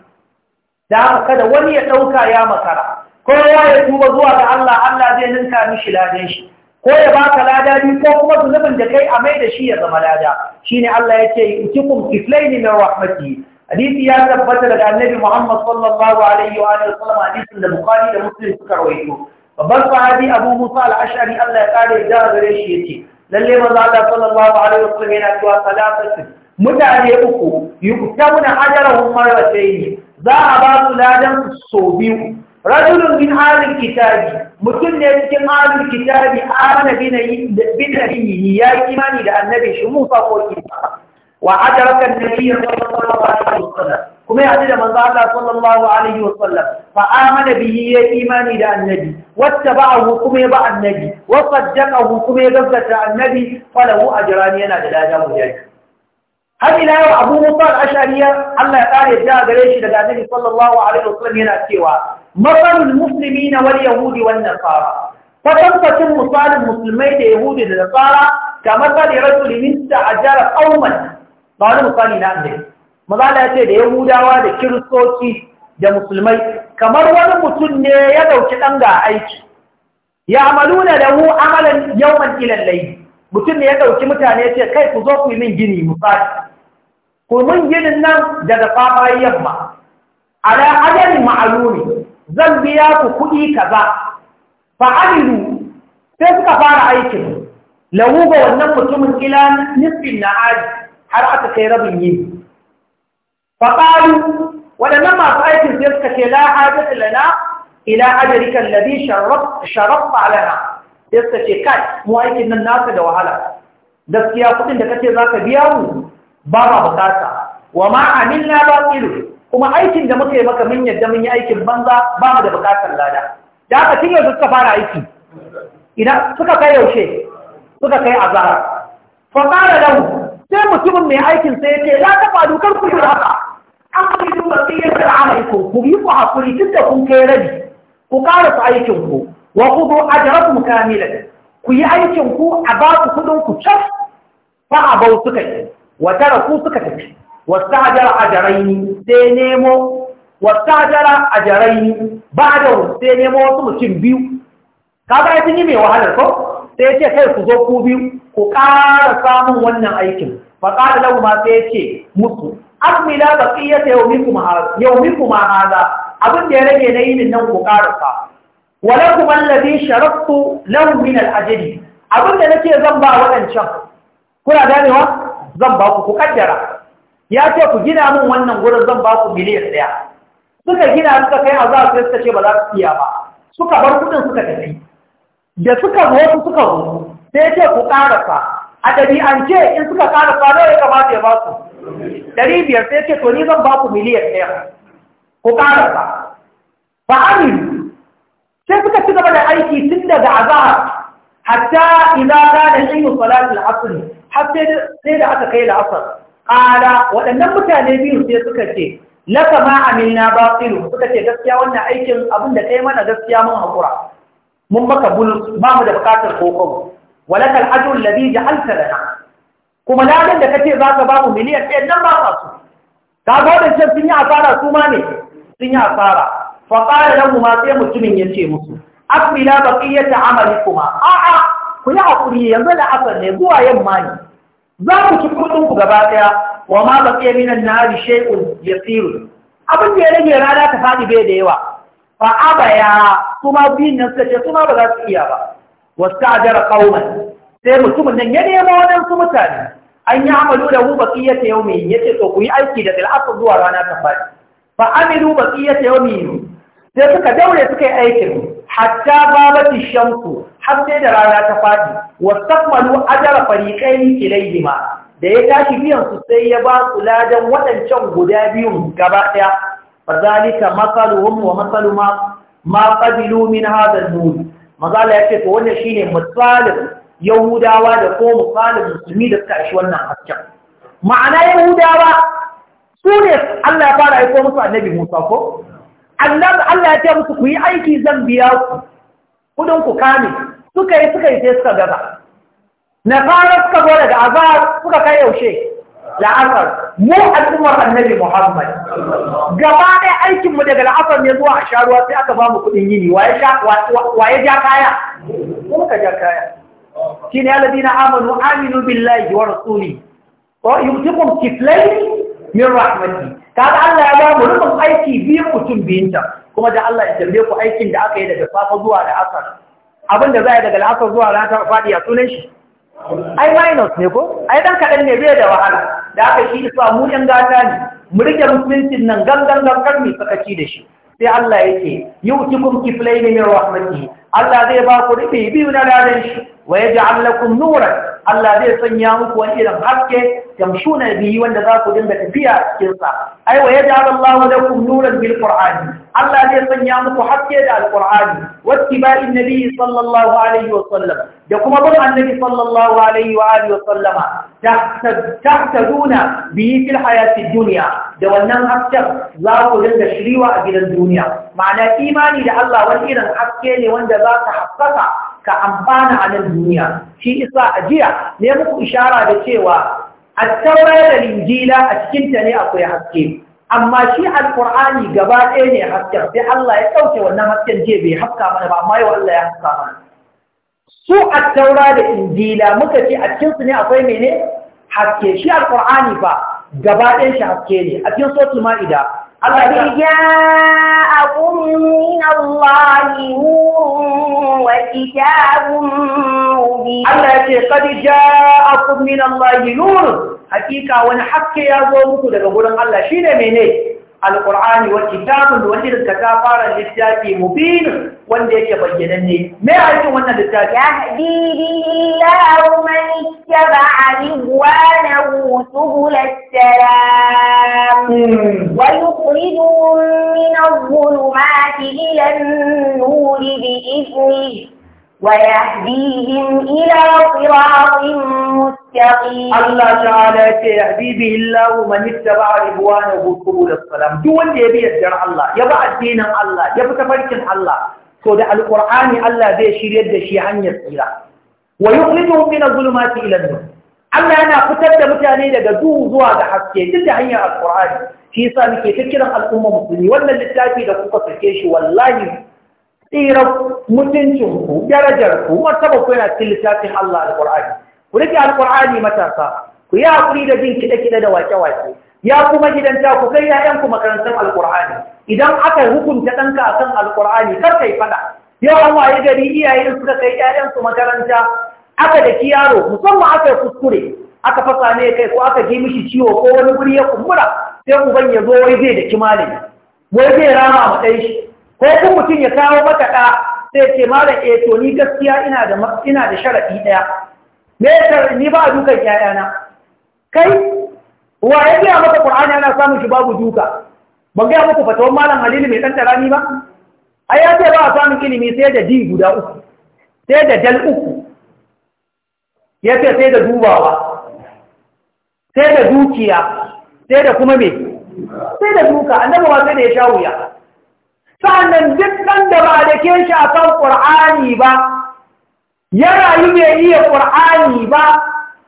da haka kada wani ya ɗauka ya makara kowa ya tuba zuwa ga Allah Allah zai ninka mishi ladan shi ko ya baka lada biyu ko kuma zunubin da kai a mai da shi ya zama lada shine Allah ya ce itikum kiflaini min rahmati hadisi ya tabbata daga annabi Muhammad sallallahu alaihi wa alihi wasallam hadisin da Bukhari da Muslim suka rawaito babban sahabi Abu Musa al-Ash'ari Allah ya kare da gare shi yace lalle manzo Allah sallallahu alaihi wasallam yana cewa salatatu mutane uku yuqtamuna ajrahum marratayn za a ba su ladan su so biyu rajulun min halin kitabi mutum ne cikin halin kitabi amana bin nabiyyi ya yi imani da annabi shi mun fa ko ki wa adraka an-nabiy sallallahu alaihi wasallam kuma ya da manzo Allah sallallahu alaihi wasallam fa amana bihi ya yi imani da annabi wattaba'ahu kuma ya ba annabi wa saddaqahu kuma ya gaskata annabi falahu ajran yana da ladan mujahid har ila yau abu musa al Allah ya tsara da gare shi daga annabi sallallahu alaihi wasallam yana cewa masalul na wal yahudi wan nasara fatankacin misalin musulmai da yahudi da nasara ga masalin rasuli min ta'ajjara qauman ba wani misali na annabi mazala ya ce da yahudawa da kiristoci da musulmai kamar wani mutum ne ya dauki dan ga aiki ya amaluna lahu amalan yawman ila layl mutum ne ya dauki mutane ya ce kai ku zo ku yi min gini misali to mun ginin nan daga safar yamma a ajali ma'alumi zan biya ku kuɗi kaza fa amilu sai suka fara aikin lawu ga wannan mutumin ila na aji, har aka kai rabin yi fa qalu masu aikin sai suka ce la hajata ila ajrika alladhi sharafta alana sai suka ce kai mu aikin nan nasa da wahala gaskiya kuɗin da kace zaka biya mu ba ma bukata wa ma amilna batilu kuma aikin da muka yi maka mun yadda mun yi aikin banza ba mu da bukatar lada da aka tun yanzu suka fara aiki idan suka kai yaushe suka kai azhar fa qala lahu sai mutumin mai aikin sai yace Ya ta fadu kar ku yi haka an kai duk wasiyar da amaliku ku yi ku hakuri duk kun kai rabi ku ƙara su aikin ku wa kudu ajrakum kamilan ku yi aikin ku a ba ku kudin ku cas fa abau suka yi watara ku suka tafi wastajara ajaraini sai nemo wastajara ajaraini ba'da sai nemo wasu mutum biyu kaga ya yi mai wahalar ko sai ce kai ku zo ku biyu ku ƙara samun wannan aikin fa qala lahu ma sai ce musu akmila baqiyata yawmikum hadha yawmikum haza. abin da ya rage na yinin nan ku ƙarasa walakum alladhi sharattu lahu min al-ajri abin da nake zan ba wadancan kuna ganewa zan ba ku ku kaddara ya ce ku gina min wannan gurin zan ba ku miliyan ɗaya suka gina suka kai a za su suka ce ba za su iya ba suka bar kudin suka tafi da suka zo su suka zo sai ce ku ƙarasa a ɗabi'ance in suka ƙarasa nawa ya kamata ya ba su ɗari biyar sai ce to ni zan ba ku miliyan ɗaya ku ƙarasa ba aminu sai suka ci gaba da aiki tun daga azahar hatta idan ranar yin salatul asiri har sai da aka kai la'asar ƙala waɗannan mutane biyu sai suka ce laka ma amina ba tsiru suka ce gaskiya wannan aikin abin da kai mana gaskiya mun haƙura mun maka bulu. ba mu da buƙatar kokon walaka al'ajul ladhi ja'alta lana kuma ladan da kace za ka ba mu miliyan ɗaya nan ba ka su ka ga wadancan sun yi asara su ma ne sun yi asara fa qala lahu ma sai mutumin ya ce musu afila baqiyata amalikuma a'a ku yi haƙuri yanzu da asar ne zuwa yamma ne za ku ci kudin ku gaba ɗaya wa ma ba ke minan nari shay'un yasiru abin da ya rage rana ta faɗi bai da yawa fa abaya kuma biyun nan suka ce kuma ba za su iya ba wasu ajara kauman sai mutumin nan ya nemo waɗansu mutane an yi amalu da hu ta yau mai yace to ku yi aiki da al'asar zuwa rana ta faɗi fa amilu baƙiyyata yau mai sai suka daure suka yi aikin hatta babati shamsu har sai da rana ta fadi wasakmalu ajra fariqaini ilayhima da ya tashi biyan su sai ya ba su ladan waɗancan guda biyun gaba ɗaya fazalika masaluhum wa masalu ma ma qabilu min hadha an-nur mazala yake to wannan shine misalin yahudawa da ko misalin musulmi da suka shi wannan hakkin ma'ana yahudawa su ne Allah ya fara aiko musu annabi Musa ko annabi Allah ya ce musu ku yi aiki zan biya ku kudin ku kame suka yi suka yi sai suka gaza nasara suka zo daga azhar suka kai yaushe la'asar mu al'ummar annabi muhammad gaba ɗaya aikinmu daga la'asar ne zuwa a sha sai aka ba mu kuɗin yini ya ja kaya kuma ka ja kaya shi ne na amanu aminu billahi wa rasuli wa yutikum kiflaini min rahmati kaga Allah ya ba mu aiki biyu mutum biyun ta kuma da Allah ya tambaye ku aikin da aka yi daga safa zuwa da asar abin da za a yi daga la'asar zuwa ranar faɗi a sunan shi ai minus ne ko ai dan kaɗan ne bai da wahala da aka shi isa mu yan gata ne mu rike musuluncin nan gangan gangan mai sakaci da shi sai Allah ya ce yu'tikum kiflayn min rahmatihi Allah zai ba ku rufe biyu na ranar shi wa yaj'al lakum nuran Allah zai sanya muku wani irin haske yamshuna bihi wanda za ku dinga tafiya cikin sa ai wa yaj'al Allahu lakum nuran bil Qur'an Allah zai sanya muku haske da Al-Qur'ani wattiba'in nabiy sallallahu alaihi wa sallam da kuma bin annabi sallallahu alaihi wa alihi wa sallama tahtaduna bihi fil hayati dunya da wannan hasken za ku dinga shiriwa a gidan duniya ma'ana imani da Allah wani irin haske ne wanda za ka haskaka ka amfana a nan duniya shi isa a jiya ne muku ishara da cewa attaura da linjila a cikinta ne akwai haske amma shi alkur'ani gaba ɗaya ne haske. sai Allah ya ɗauke wannan hasken je bai haska mana ba amma yau Allah ya haska mana su attaura da injila muka ce a cikinsu ne akwai mene haske shi alkur'ani ba gaba ɗaya shi haske ne a cikin sotul ma'ida قد جاءكم من الله نور وكتاب مبين الله قد جاءكم من الله نور hakika wani hakke ya zo muku daga gurin Allah shine mene القرآن والكتاب والذي كتابار للتاج مبين والذي بجنني ما أنت من التاج يهدي الله من اتبع رضوانه سبل السلام ويخرج من الظلمات إلى النور بإذنه ويهديهم إلى صراط مستقيم الله تعالى يهدي به الله من اتبع رضوانه سبل السلام دون يبي يدر الله يبع الدين الله يبع تفرق الله سود القرآن الله زي شير يد شي عن يسيرا ويخرجهم من الظلمات إلى النور Allah yana fitar da mutane daga duhu zuwa ga haske duk da hanyar Alƙur'ani shi yasa muke ta kiran al'umma musulmi wannan littafi da kuka sake shi wallahi tsirar mutuncinku darajarku martaba ku yana cikin littafin Allah alƙur'ani ku rike alƙur'ani matasa ku yi haƙuri da jin kiɗe-kiɗe da wake-wake ya kuma gidanta ku kai yayanku makarantar alƙur'ani idan aka hukunta ɗanka akan alƙur'ani kar yi faɗa yawan waye gari iyayen suka kai 'ya'yanku makaranta aka da yaro musamman aka kuskure aka fasa ne kai ko aka ji mishi ciwo ko wani guri ya kumbura sai uban ya zo wai zai da malami, wai zai rama ma ɗan shi ko kun mutum ya kawo maka ɗa sai ce malam eh to ni gaskiya ina da ina da sharaɗi ɗaya me yasa ni ba dukan 'ya'yana. kai wa ya gaya maka qur'ani ana samun shi babu duka ban gaya muku fatawan malam halilu mai ɗan tarani ba ai ya ce ba a samun ilimi sai da di guda uku sai da dal uku ya ce sai da dubawa sai da dukiya sai da kuma me sai da duka annabi sai da ya sha wuya sannan duk ɗan da ba da ke shafan a ƙur'ani ba ya rayu bai iya ƙur'ani ba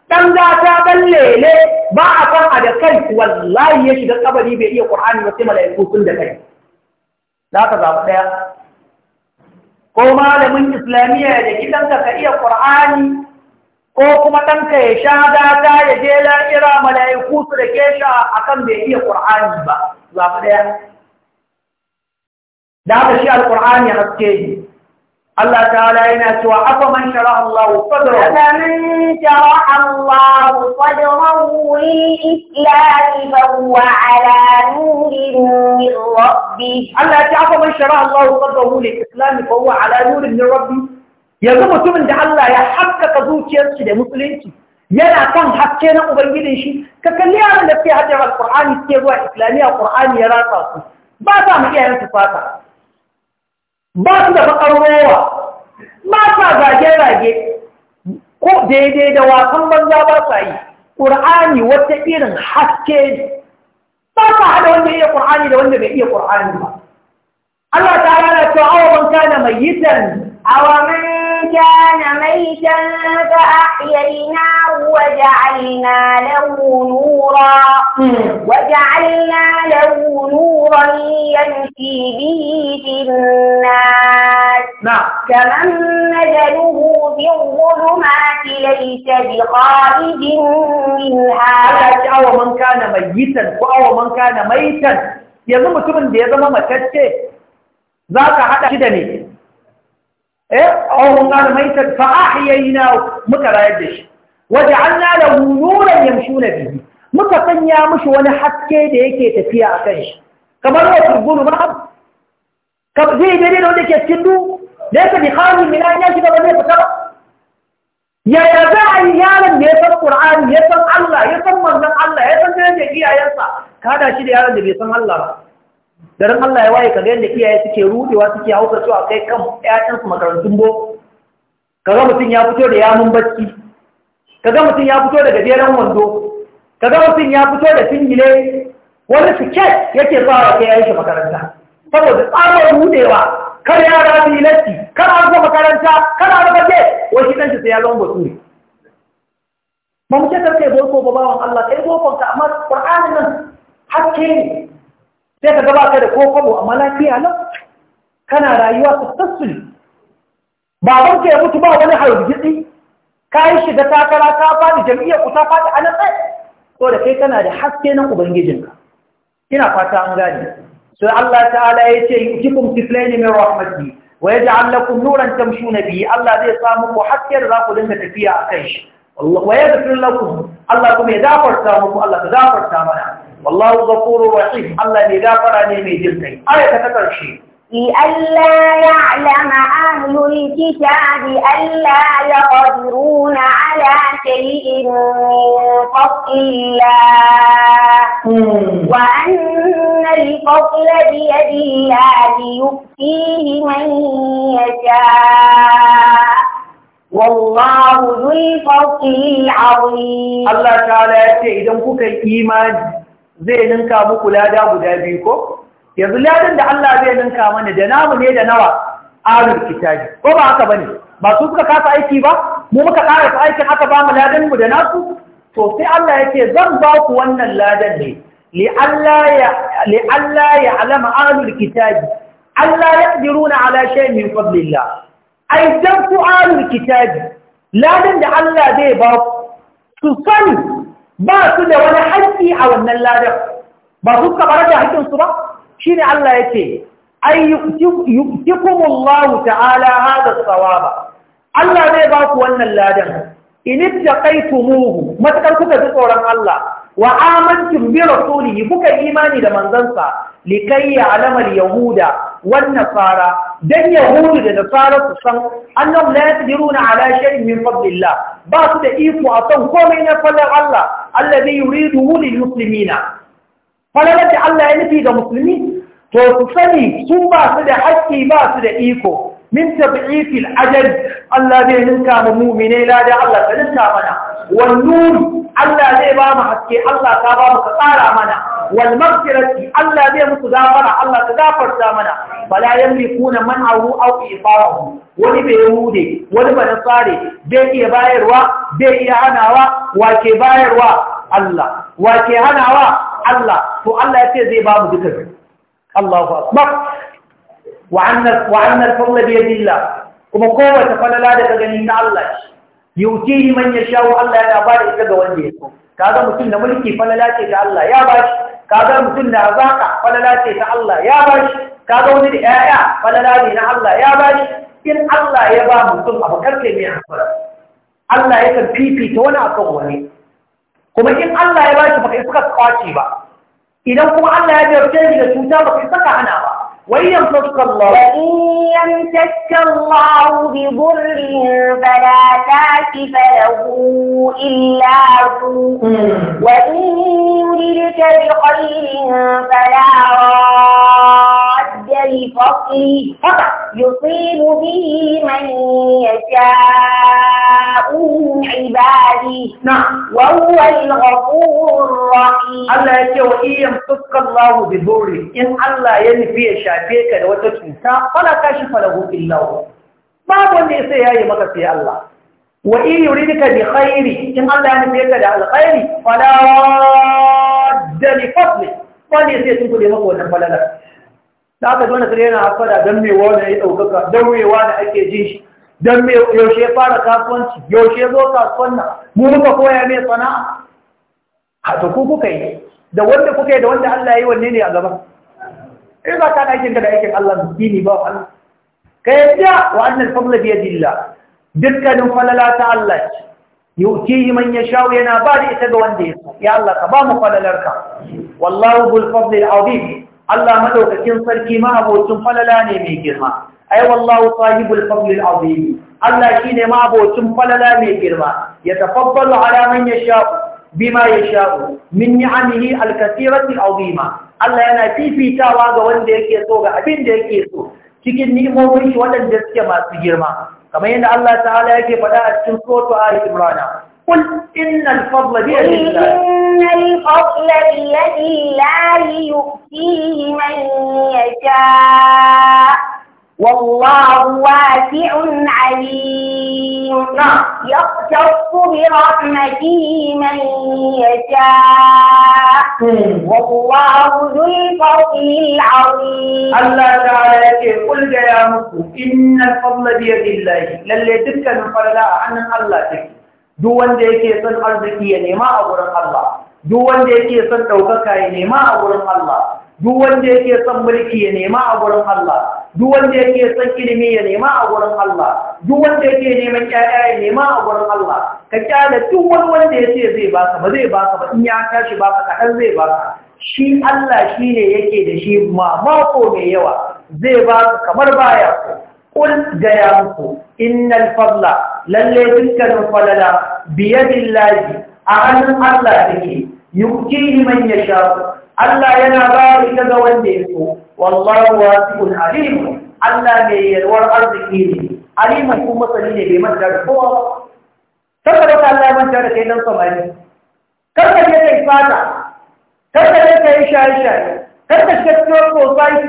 ɗan ta ɗan lele ba a kan a da kai wallahi ya shiga ƙabari bai iya ƙur'ani ba sai mala'iku sun da kai za ka zaɓi ɗaya ko malamin islamiyya ya jaki ɗanka ka iya ƙur'ani ko kuma ɗanka ya sha gata ya je la'ira mala'iku su da ke sha a kan bai iya ƙur'ani ba zaɓi ɗaya da haka shi alqur'ani haske ne الله تعالى هنا سوى أفمن شرح الله صدره أفمن شرح الله صدره للإسلام فهو على نور من ربه الله تعالى أفمن شرح الله صدره للإسلام فهو على نور من ربه yanzu mutumin da Allah ya haskaka zuciyarsu da musulunci yana kan haske na ubangijin shi ka kalli yaran da suke hajjar alqur'ani suke zuwa islamiyya qur'ani ya ratsa su ba sa mu iyayen su fata ba su da faɗar rowa ba sa zage-zage ko daidai da wasan banza ba sa yi ƙur'ani wata irin haske ne ba sa haɗa wanda iya ƙur'ani da wanda bai iya ƙur'ani ba Allah ta rana cewa awa man kana mai yitan awa كان ميتا فأحييناه وجعلنا له نورا وجعلنا له نورا يمشي به في الناس نعم. كمن مثله في الظلمات ليس بخارج منها أو من كان ميتا أو من كان ميتا yanzu mutumin da ya zama matacce za ka haɗa shi da eh awon kana fa ahyayna muka rayar da shi waja'alna lahu nuran yamshuna bihi muka sanya mishi wani haske da yake tafiya a kan shi kamar wa turbulu ba kab zai dai da wanda ke cikin du da yake bi khali min an yashi da ba zai fita ba yaya za a yi yaron da ya san Qur'ani ya san Allah ya san manzon Allah ya san da iyayensa kada shi da yaron da bai san Allah ba garin Allah ya waye kaga yadda iyaye suke rudewa suke hausa cewa kai kan ƴaƴan su makarantun bo kaga mutun ya fito da yamun bacci kaga mutun ya fito da gajeren wando kaga mutun ya fito da singile wani siket yake tsawa kai yayin shi makaranta saboda tsaro rudewa kar yara su yi latti kar an zo makaranta kar an wani dan shi sai ya zama bature ba mu ce kar boko ba bawan Allah kai bokon ka amma Qur'anin nan hakke ne sai ka gaba ka da ko a amma lafiya nan kana rayuwa successful baban ka ya mutu ba wani hargitsi ka yi shiga takara ka faɗi jam'iyyar ku ta faɗi a nan ko da kai kana da haske nan ubangijinka ina fata an gane sai Allah ta'ala ya ce yukikum tiflaini min rahmati wa yaj'al lakum nuran tamshuna bihi Allah zai samu ku haske da za ku dinga tafiya a kai shi wa yaghfir lakum Allah kuma ya gafarta muku Allah ka gafarta mana والله غفور رحيم الله لا يغفر ان mai اي تذكر شيء لئلا يعلم أهل الكتاب ألا يقدرون على شيء من فضل الله وأن الفضل بيد الله يؤتيه من يشاء والله ذو الفضل العظيم الله تعالى إذا كنت إيمان zai ninka muku lada guda biyu ko yanzu ladin da Allah zai ninka mana da namu ne da nawa arul kitabi ko ba haka bane ba su suka kasa aiki ba mu muka kara su aikin aka ba mu ladan mu da nasu to sai Allah yake zan ba ku wannan ladan ne li Allah ya alama arul kitabi Allah yaqdiruna ala shay'in min fadlillah ai dan ku arul kitabi ladan da Allah zai ba ku su sani ba su da wani haƙƙi a wannan ladar ba su suka bar da haƙƙinsu ba shi ne Allah ya ce ai yukumullahu ta'ala hada ba. Allah zai ba ku wannan ladan in ittaqaytumuhu matakar kuka ji tsoron Allah wa amantum bi rasulihi kuka imani da manzansa likayya alamar yahuda wan nasara dan yahudu da nasara su san annahum la yaqdiruna ala shay'in min fadlillah ba su da iko a kan komai na fallar Allah alladhi yuriduhu lil muslimina fallar da Allah ya nufi ga musulmi to su sani su ba su da haƙƙi ba su da iko min tab'ifil ajal Allah zai ninka mu mu'mine la da Allah ka ninka mana wal nur Allah zai ba mu haske Allah ka ba mu ka tsara mana wal maghfirati Allah zai muku gafara Allah ka gafarta mana bala yamlikuna man'ahu aw ifarahu wani bai yahude wani ba tsare, bai iya bayarwa bai iya hanawa wake bayarwa Allah wake hanawa Allah to Allah ya ce zai ba mu duka Allahu akbar وعن الفضل بيد الله kuma kowace falala daga gani na Allah shi yutihi man yashau Allah yana bada da ita wanda ya so kaga mutum da mulki falala ce ta Allah ya ba shi mutum da azaka falala ce ta Allah ya ba shi wani da yaya falala ne na Allah ya ba in Allah ya ba mutum abu karfe mai hasara Allah ya kan fifita wani akan wani kuma in Allah ya ba iska ba idan kuma Allah ya jarce shi da cuta baka iska hana ba وإن يمسك الله وإن الله بضر فلا كاشف له إلا هو وإن يردك بخير فلا رادي فقط يصيب به من يشاء من عباده نعم وهو الغفور الرحيم الله يقول وإن يمسك الله بضر إن الله ينفي شافيك وتشمسا فلا كاشف له إلا هو ما بني سيهاي مكسي الله وإن يريدك بخير إن الله ينفيك الخير فلا رد لفضله wanda ya sai sun kuɗe maka da aka zo na sai yana hafada don mewa wani ya ɗaukaka don mewa da ake jin shi don yaushe fara kasuwanci yaushe zo kasuwan mu muka koya mai sana'a a to ku kuka yi da wanda kuka yi da wanda Allah ya yi wanne ne a gaba in eh, ba ka da aikin ka da aikin Allah ni ba wa Allah ka yadda wa annal fadla bi yadillah dukkanin falala ta Allah ce yu'tihi man yashau yana ba da ita ga wanda ya so ya Allah ka ba mu falalarka wallahu bil fadli al azim Allah madaukakin sarki ma'abocin falala ne mai girma ai wallahu sahibul fadlil azim Allah shine ma'abocin falala mai girma ya tafaddalu ala man yasha bima yasha min ni'amihi al-kathirati azima Allah yana fifitawa ga wanda yake so ga abin da yake so cikin ni'imomin shi waɗanda suke masu girma kamar yadda Allah ta'ala yake faɗa a cikin sura Ali Imran قل إن الفضل بيد الله إن الفضل بيد الله يؤتيه من يشاء والله واسع عليم نعم يختص برحمته من يشاء والله ذو الفضل العظيم الله تعالى يقول قل يا مكو إن الفضل بيد الله للي تذكر فلا أن الله تكفي duk wanda yake son arziki ya nema a wurin Allah duk wanda yake son ɗaukaka ya nema a wurin Allah duk wanda yake son mulki ya nema a wurin Allah duk wanda yake son ilimi ya nema a wurin Allah duk wanda yake neman ƴaƴa ya nema a wurin Allah ka kyale duk wani wanda yace zai baka ba zai baka ba in ya tashi baka kaɗan zai baka shi Allah ne yake da shi mako mai yawa zai baka kamar baya ƙul gaya muku innal fadla lallai dukkanin falala biyadin a hannun Allah take yuktihi man yasha Allah yana ba ita ga wanda ya so wallahu wasi'un alim Allah mai yalwar arziki ne aliman kuma masani ne bai manta da kowa kar ka Allah ya da kai dan samari kar ka je kai fata kar ka je kar ka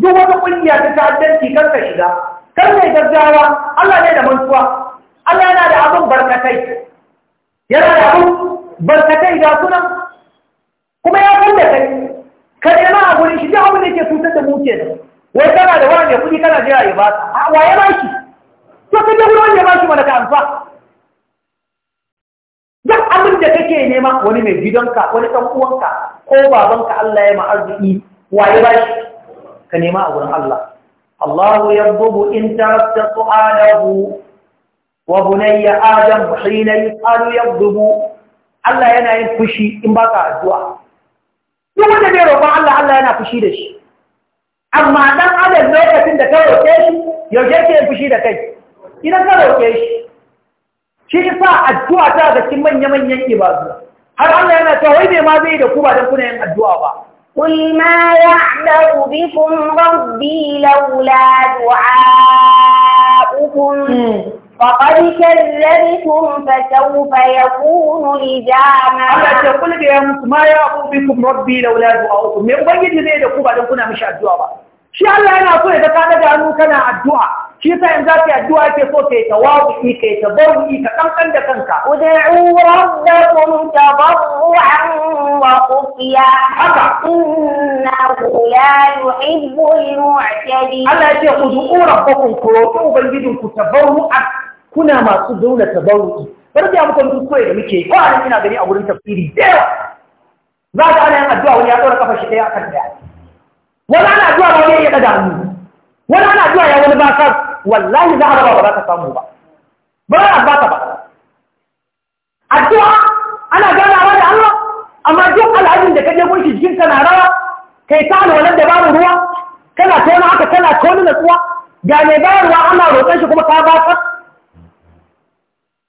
duk wata ƙungiya ta ta'addanci kar ka shiga kar gaggawa Allah ne da mantuwa Allah yana da abin barkatai yana da abin barkatai ga suna kuma ya san da kai ka nema a gurin shi duk abin da yake cutar da mu kenan wai kana da wani mai kuɗi kana jira ya ba a waye ba shi to ka je gurin ya ba shi mana ka amfa? duk abin da kake nema wani mai gidanka wani ɗan uwanka ko babanka Allah ya ma arziki waye ba shi ka nema a gurin Allah الله يضب إن تركت سؤاله وبني آدم حين يسأل يضب Allah yana yin fushi in ba ka addu'a. Duk wanda bai roƙon Allah, Allah yana fushi da shi. Amma ɗan adam lokacin da ka roƙe shi, yaushe ke yin fushi da kai, idan ka roƙe shi. Shi isa addu'a ta ga cikin manya-manyan ibadu. Har Allah yana cewa wai bai ma zai da ku ba don kuna yin addu'a ba. قل ما يعلم بكم ربي لولا دعاؤكم فقد كذبتم فسوف يكون لجاما على تقول لك يا مسما يعلم بكم ربي لولا دعاؤكم ما يبين لي ده كوبا ده كنا مش أدوابا shi Allah yana so ya ga ka da hannu kana addu'a shi yasa yanzu za ka yi addu'a yake so ka yi tawadu'i ka yi tabarru'i ka kankan da kanka ud'u rabbakum tabarru'an wa khufiya haka innahu la yuhibbu al-mu'tadin Allah yake ud'u rabbakum ku roƙi ubangijin ku tabarru'an kuna masu zauna tabarru'i bar da muku kuskure da muke ko a ina gani a wurin tafsiri da yawa za ka ana yin addu'a wani ya ɗora kafa shi ɗaya akan ɗaya wani ana zuwa ba ya daga hannu wani ana zuwa ya wani baka wallahi za a raba ba za ka samu ba ba za a ba ka ba addu'a ana ganawa da Allah amma duk al'adun da ka je gunshi jikin kana rawa kai ta alwalar da babu ruwa kana tona haka kana tona natsuwa ga mai bayarwa ana roƙon shi kuma ka ba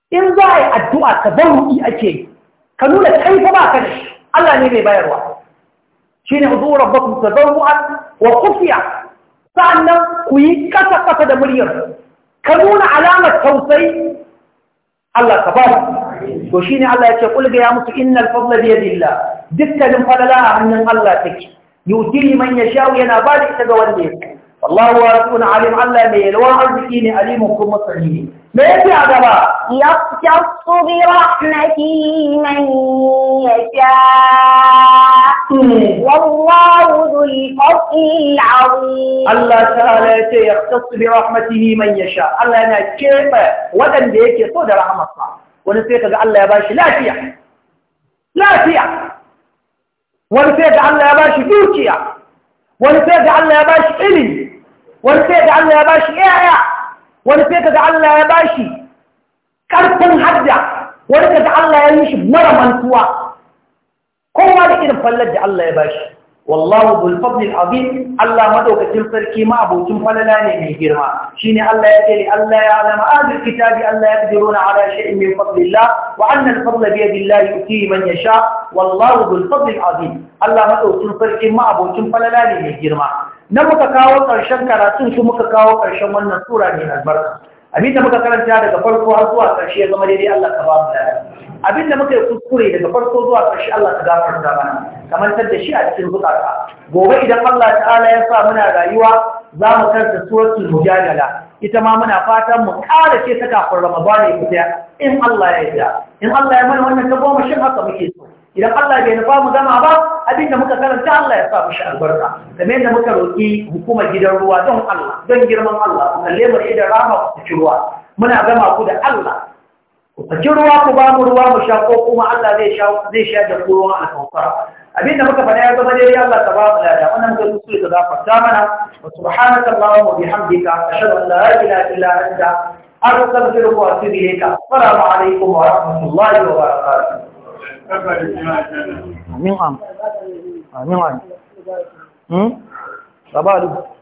in za a yi addu'a ka ban ruɗi ake yi ka nuna kai fa ba ka da shi Allah ne mai bayarwa shine udu rabbakum tadarruan wa khufiya sa'annan ku yi kasa kasa da muryar ka nuna alamar tausayi Allah ka ba to shine Allah ya ce kul ga ya musu innal fadla bi yadillah dukkanin fadala a hannun Allah take yuti man yasha yana ba da ita ga wanda ya الله هو رسول عليم علم الواعظين أليمكم مصرين ما يجي هذا ما يختص برحمته من يشاء والله ذو الفضل العظيم الله تعالى يختص برحمته من يشاء الله أنا كيف ودن بيك صد رحمة الله ونسيق الله يا باشي لا تيع لا تيع ونسيق الله يا باشي توتيع ونسيق الله يا باشي إلي wani sai ga Allah ya bashi yaya wani sai ga Allah ya bashi karfin hadda wani ga Allah ya yi shi mara mantuwa kowa da irin fallar da Allah ya bashi wallahu bil fadli al azim Allah madaukakin sarki ma abocin falala ne mai girma shine Allah ya ce Allah ya alama ahlul kitabi Allah yaqdiruna ala shay'in min fadlillah wa anna al fadla bi yadillah yuti man yasha wallahu bil fadli al azim Allah madaukakin sarki ma abocin falala ne mai girma na muka kawo ƙarshen karatun shi muka kawo ƙarshen wannan tura ne albarka abin da muka karanta daga farko har zuwa ƙarshe ya zama daidai Allah ka ba mu da abin da muka yi kuskure daga farko zuwa ƙarshe Allah ka gafarta mana kamar da shi a cikin zukata gobe idan Allah ta'ala ya sa muna rayuwa za mu karanta suratul mujadala ita ma muna fatan mu ƙara ce ta kafin ramadana ya fita in Allah ya yarda in Allah ya mana wannan ta goma shin haka muke so idan Allah bai nufa mu gama ba abinda muka karanta Allah ya sa mu shi albarka kamar yadda muka roki hukumar gidan ruwa don Allah don girman Allah ku kalle mu idan rama ku ci ruwa muna gama ku da Allah ku ci ruwa ku ba mu ruwa mu sha ko kuma Allah zai sha zai sha da ruwan alkawfar abinda muka faɗa ya zama dai Allah ta ba mu lada wannan ga musu da zafarta mana wa subhanaka allahumma wa bihamdika ashhadu an la ilaha illa anta astaghfiruka wa atubu ilayka assalamu alaikum wa rahmatullahi wa barakatuh Amin am. Amin am. Hmm? Baba